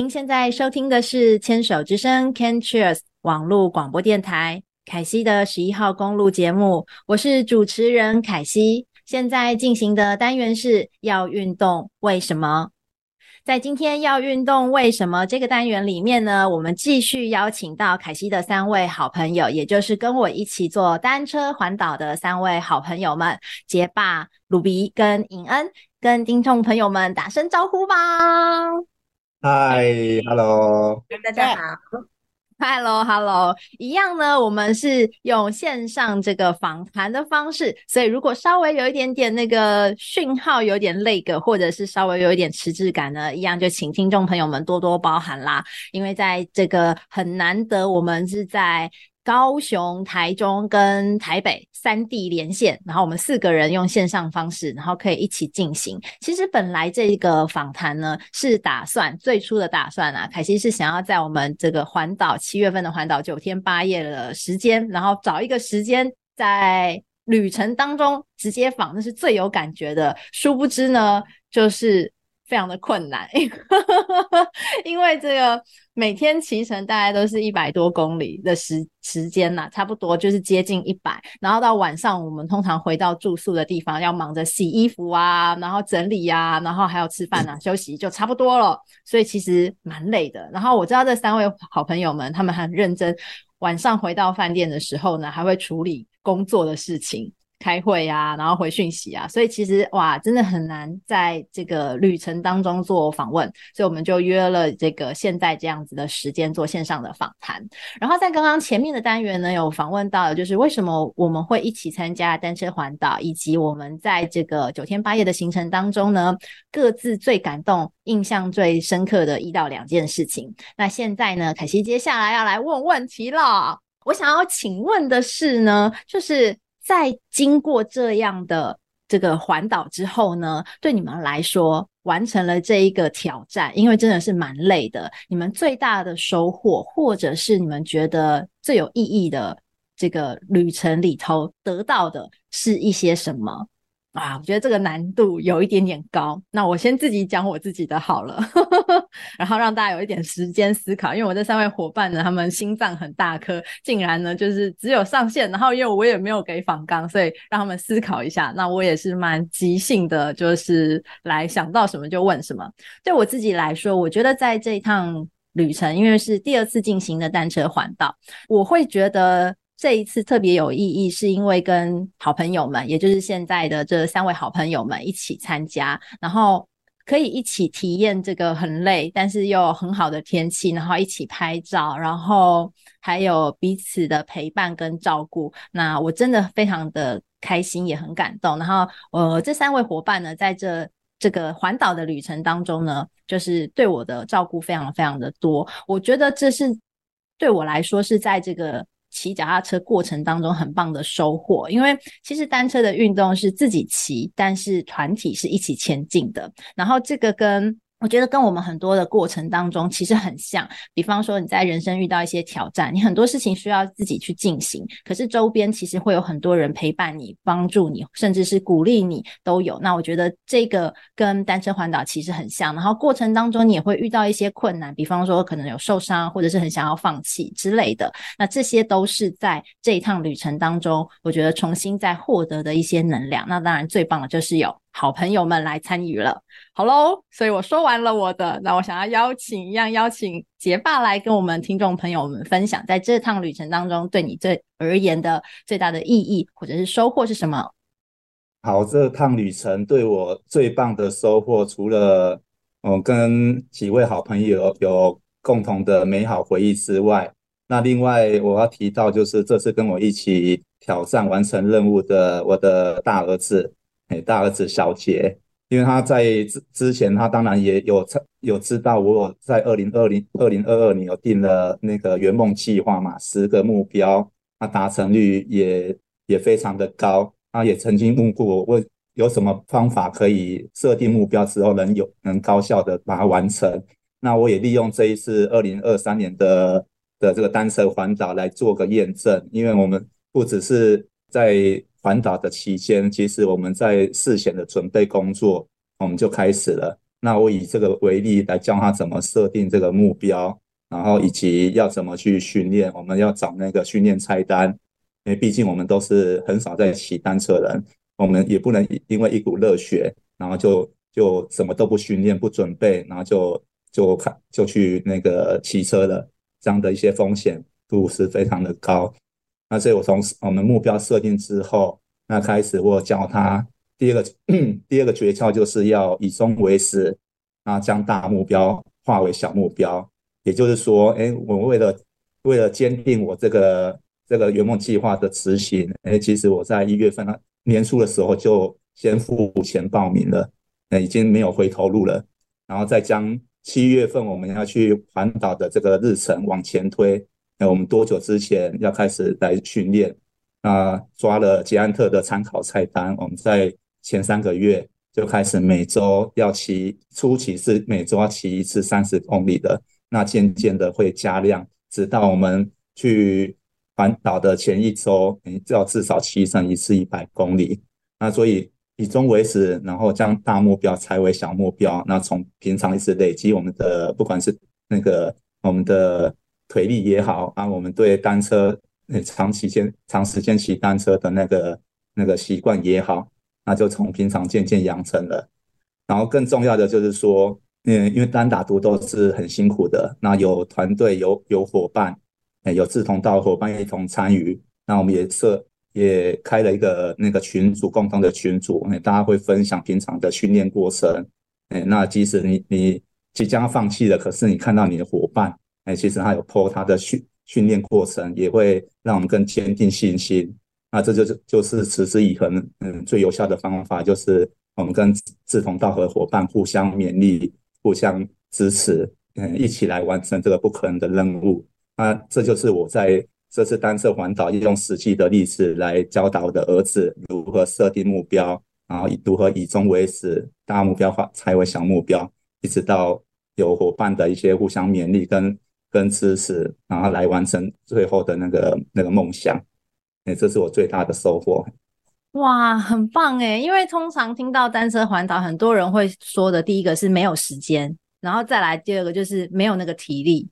您現在收聽的是《牽手之聲》（CanCheers） 網絡廣播電台凱西的十一號公路節目，我是主持人凱西。現在進行的單元是要運動，為什麼？在今天要運動，為什麼這個單元裡面呢？我們繼續邀請到凱西的三位好朋友，也就是跟我一起坐單車環島的三位好朋友們傑霸、魯比跟尹恩，跟聽眾朋友們打聲招呼吧。嗨，Hello，大家好，Hello，Hello，hello，一樣呢，我們是用線上這個訪談的方式，所以如果稍微有一點點那個訊號有點 lag，或者是稍微有一點遲滯感呢，一樣就請聽眾朋友們多多包涵啦，因為在這個很難得我們是在。高雄、台中跟台北三地連線，然後我們四個人用線上方式，然後可以一起進行。其實本來這個訪談呢，是打算，最初的打算啊，凱西是想要在我們這個環島，七月份的環島九天八夜的時間，然後找一個時間在旅程當中直接訪，那是最有感覺的。殊不知呢，就是。非常的困難，因為這個每天騎乘大概都是一百多公里的時時間吶、啊，差不多就是接近一百。然後到晚上，我們通常回到住宿的地方，要忙着洗衣服啊，然後整理啊，然後還有吃飯啊，休息就差不多了，所以其實蠻累的。然後我知道這三位好朋友們，他們很認真，晚上回到飯店的時候呢，還會處理工作的事情。開會啊，然後回訊息啊，所以其實哇，真的很難在這個旅程當中做訪問，所以我們就約了這個現在這樣子的時間做線上的訪談。然後在剛剛前面的單元呢，有訪問到就是為什麼我們會一起參加單車環島，以及我們在這個九天八夜的行程當中呢，各自最感動、印象最深刻的一到兩件事情。那現在呢，凱西接下來要來問問題了。我想要請問的是呢，就是。在經過這樣的這個環島之後呢，對你們來說，完成了這一個挑戰，因為真的是蠻累的，你們最大的收穫，或者是你們覺得最有意義的這個旅程裡頭得到的是一些什麼？啊，我覺得這個難度有一點點高。那我先自己講我自己的好了， 然後讓大家有一點時間思考。因為我這三位夥伴呢，他們心臟很大顆，竟然呢就是只有上線。然後因為我也沒有給訪綱，所以讓他們思考一下。那我也是蠻即興的，就是來想到什麼就問什麼。對我自己來說，我覺得在這一趟旅程，因為是第二次進行的單車環島，我會覺得。這一次特別有意義，是因為跟好朋友們，也就是現在的這三位好朋友們一起參加，然後可以一起體驗這個很累但是又很好的天氣，然後一起拍照，然後還有彼此的陪伴跟照顧。那我真的非常的開心，也很感動。然後，呃，這三位夥伴呢，在這這個環島的旅程當中呢，就是對我的照顧非常非常的多。我覺得這是對我來說是在這個。騎腳踏車過程當中很棒的收穫，因為其實單車的運動是自己騎，但是團體是一起前進的，然後這個跟。我覺得跟我們很多的過程當中其實很像，比方說你在人生遇到一些挑戰，你很多事情需要自己去進行，可是周邊其實會有很多人陪伴你、幫助你，甚至是鼓勵你都有。那我覺得這個跟單車環島其實很像。然後過程當中你也會遇到一些困難，比方說可能有受傷，或者是很想要放棄之類的。那這些都是在這一趟旅程當中，我覺得重新再獲得的一些能量。那當然最棒的就是有。好朋友們來參與了，好嘍。所以我說完了我的，那我想要邀請一樣，邀請佳達來跟我們聽眾朋友們分享，在這趟旅程當中對你最而言的最大的意義或者是收穫是什麼？好，這趟旅程對我最棒的收穫，除了我、呃、跟幾位好朋友有共同的美好回憶之外，那另外我要提到就是這次跟我一起挑戰完成任務的我的大兒子。哎、hey,，大兒子小杰，因為他在之之前，他當然也有有知道，我有在二零二零二零二二年有定了那個圓夢計劃嘛，十個目標，他達成率也也非常的高。他也曾經問過我，問有什麼方法可以設定目標之後能有能高效的把它完成。那我也利用這一次二零二三年的的這個單車環島來做個驗證，因為我們不只是在。環島的期間，其實我們在事前的準備工作我們就開始了。那我以這個為例來教他怎麼設定這個目標，然後以及要怎麼去訓練。我們要找那個訓練菜單，因為畢竟我們都是很少在騎單車人，我們也不能因為一股熱血，然後就就什麼都不訓練、不準備，然後就就看就去那個騎車了，這樣的一些風險度是非常的高。那所以我從我們目標設定之後，那開始我教他第二個第二個訣竅就是要以終為始，啊將大目標化為小目標，也就是說，哎，我為了為了堅定我這個這個圓夢計劃的執行，哎，其實我在一月份啊年初的時候就先付錢報名了，那已經沒有回頭路了，然後再將七月份我們要去環島的這個日程往前推。那我們多久之前要開始來訓練？那抓了捷安特的參考菜單，我們在前三個月就開始每周要騎，初期是每周要騎一次三十公里的，那漸漸的會加量，直到我們去環島的前一周，你就要至少騎上一次一百公里。那所以以終為始，然後將大目標拆為小目標，那從平常一直累積我們的，不管是那個我們的。腿力也好啊，我們對單車呃、欸，長時間長時間騎單車的那個那個習慣也好，那就從平常漸漸養成了。然後更重要的就是說，嗯、欸，因為單打獨鬥是很辛苦的，那有團隊有有夥伴、欸，有志同道合夥伴一同參與，那我們也設也開了一個那個群組，共同的群組，欸，大家會分享平常的訓練過程、欸，那即使你你即將放棄了，可是你看到你的夥伴。哎，其實他有 po 他的訓訓練過程，也會讓我們更堅定信心。那這就是就是持之以恆，嗯，最有效的方法就是我們跟志同道合夥伴互相勉勵、互相支持，嗯，一起來完成這個不可能的任務。那這就是我在這次單車環島，用實際的例子來教導我的兒子如何設定目標，然後如何以終為始，大目標化拆為小目標，一直到有夥伴的一些互相勉勵跟跟知識，然後來完成最後的那個那個夢想，哎，這是我最大的收穫。哇，很棒誒。因為通常聽到單車環島，很多人會說的，第一個是沒有時間，然後再來第二個就是沒有那個體力。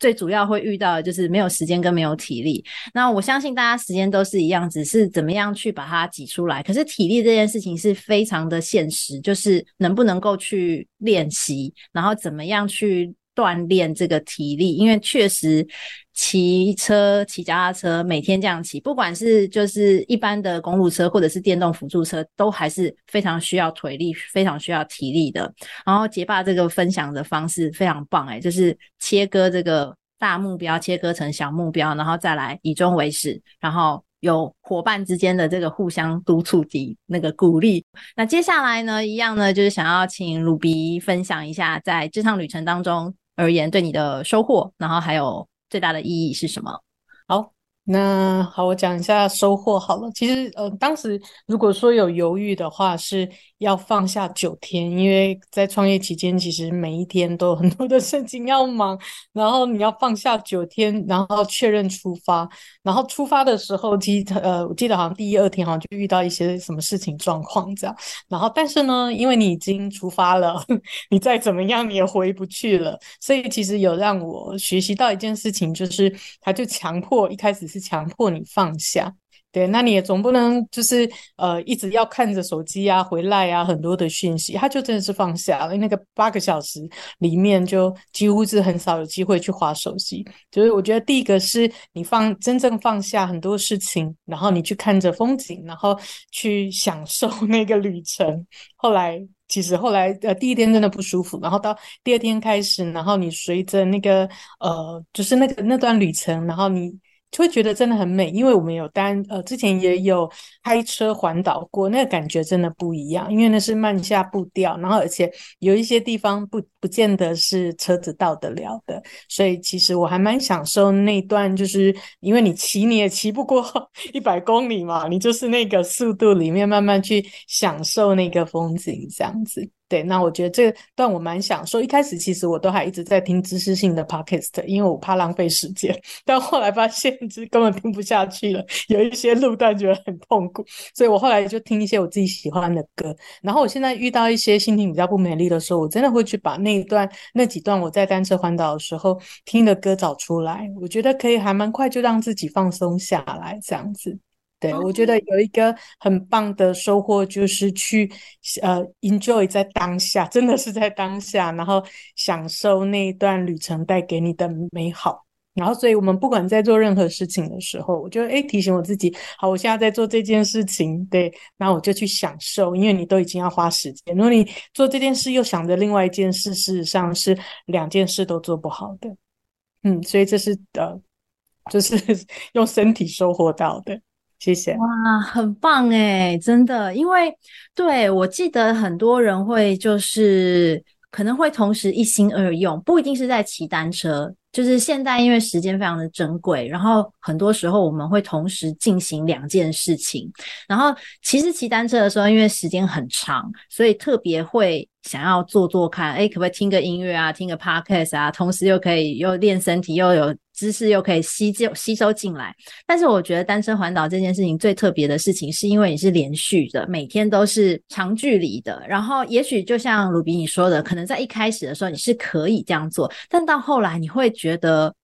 最主要會遇到的就是沒有時間跟沒有體力。那我相信大家時間都是一樣，只是怎麼樣去把它擠出來。可是體力這件事情是非常的現實，就是能不能夠去練習，然後怎麼樣去。鍛鍊這個體力，因為確實騎車、騎腳踏車，每天這樣騎，不管是就是一般的公路車，或者是電動輔助車，都還是非常需要腿力、非常需要體力的。然後佳爸這個分享的方式非常棒，欸，誒，就是切割這個大目標，切割成小目標，然後再來以終為始，然後有夥伴之間的這個互相督促的那個鼓勵。那接下來呢，一樣呢，就是想要請魯比分享一下在這趟旅程當中。而言，對你的收穫，然後還有最大的意義是什麼？好，那好，我講一下收穫好了。其實，呃，當時如果說有猶豫的話，是。要放下九天，因為在創業期間，其實每一天都有很多的事情要忙。然後你要放下九天，然後確認出發，然後出發的時候記得，其實呃，我記得好像第一二天好像就遇到一些什麼事情狀況這樣。然後，但是呢，因為你已經出發了，你再怎麼樣你也回不去了。所以其實有讓我學習到一件事情，就是他就強迫，一開始是強迫你放下。對，那你也總不能就是呃，一直要看着手機啊，回來啊，很多的訊息，他就真的是放下。那個八個小時裡面，就幾乎是很少有機會去滑手機。就是我覺得第一個是你放真正放下很多事情，然後你去看着風景，然後去享受那個旅程。後來其實後來呃，第一天真的不舒服，然後到第二天開始，然後你隨着那個呃，就是那個那段旅程，然後你，就會覺得真的很美，因為我們有單，呃，之前也有開車環島過，那個感覺真的不一樣，因為那是慢下步調，然後而且有一些地方不不見得是車子到得了的，所以其實我還蠻享受那段，就是因為你騎你也騎不過一百公里嘛，你就是那個速度裡面慢慢去享受那個風景這樣子。對，那我覺得這段我蠻想說，一開始其實我都還一直在聽知識性的 Podcast，因為我怕浪費時間，但後來發現其實根本聽不下去了，有一些路段覺得很痛苦，所以我後來就聽一些我自己喜歡的歌。然後我現在遇到一些心情比較不美麗的時候，我真的會去把那一段，那幾段我在單車環島的時候聽的歌找出來，我覺得可以還蠻快就讓自己放鬆下來，這樣子。對，我覺得有一個很棒的收穫就是去呃，enjoy 在當下，真的是在當下，然後享受那一段旅程帶給你的美好。然後，所以我們不管在做任何事情的時候，我就哎提醒我自己，好，我現在在做這件事情，對，那我就去享受，因為你都已經要花時間。如果你做這件事又想着另外一件事，事實上是兩件事都做不好的。嗯，所以這是呃，就是用身體收穫到的。謝謝。哇，很棒欸，真的，因為，對，我記得很多人會就是可能會同時一心二用，不一定是在騎單車，就是現在因為時間非常的珍貴，然後很多時候我們會同時進行兩件事情，然後其實騎單車的時候，因為時間很長，所以特別會想要做做看，哎、欸，可不可以聽個音樂啊，聽個 podcast 啊，同時又可以又練身體又有。知識又可以吸進吸收進來，但是我覺得單車環島這件事情最特別的事情，是因為你是連續的，每天都是長距離的。然後，也許就像魯比你說的，可能在一開始的時候你是可以這樣做，但到後來你會覺得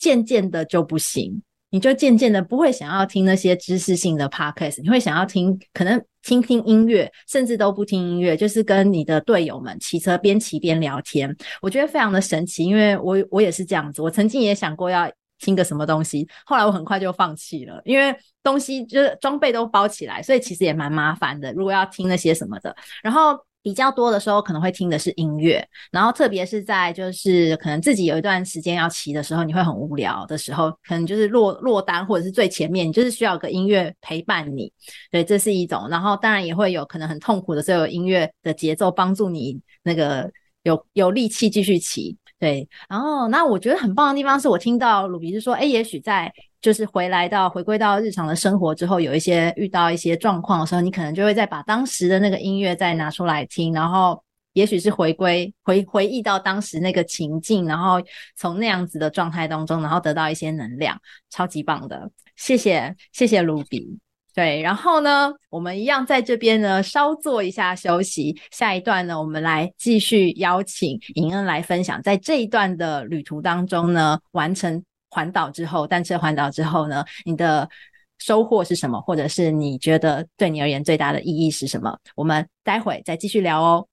漸漸的就不行。你就漸漸的不會想要聽那些知識性的 podcast，你會想要聽，可能聽聽音樂，甚至都不聽音樂，就是跟你的隊友們騎車邊騎邊聊天。我覺得非常的神奇，因為我我也是這樣子，我曾經也想過要聽個什麼東西，後來我很快就放棄了，因為東西就是裝備都包起來，所以其實也蠻麻煩的。如果要聽那些什麼的，然後。比較多的時候可能會聽的是音樂，然後特別是在就是可能自己有一段時間要騎的時候，你會很無聊的時候，可能就是落落單或者是最前面，你就是需要一個音樂陪伴你，對，這是一種。然後當然也會有可能很痛苦的時候，有音樂的節奏幫助你那個有有力氣繼續騎。對，然後那我覺得很棒的地方是我聽到魯比是說，誒，也許在就是回來到回歸到日常的生活之後，有一些遇到一些狀況的時候，你可能就會再把當時的那個音樂再拿出來聽，然後也許是回歸回回憶到當時那個情境，然後從那樣子的狀態當中，然後得到一些能量，超級棒的，謝謝謝謝魯比。對，然後呢，我們一樣在這邊呢，稍作一下休息。下一段呢，我們來繼續邀請尹恩來分享，在這一段的旅途當中呢，完成環島之後，單車環島之後呢，你的收穫是什麼？或者是你覺得對你而言最大的意義是什麼？我們待會再繼續聊哦。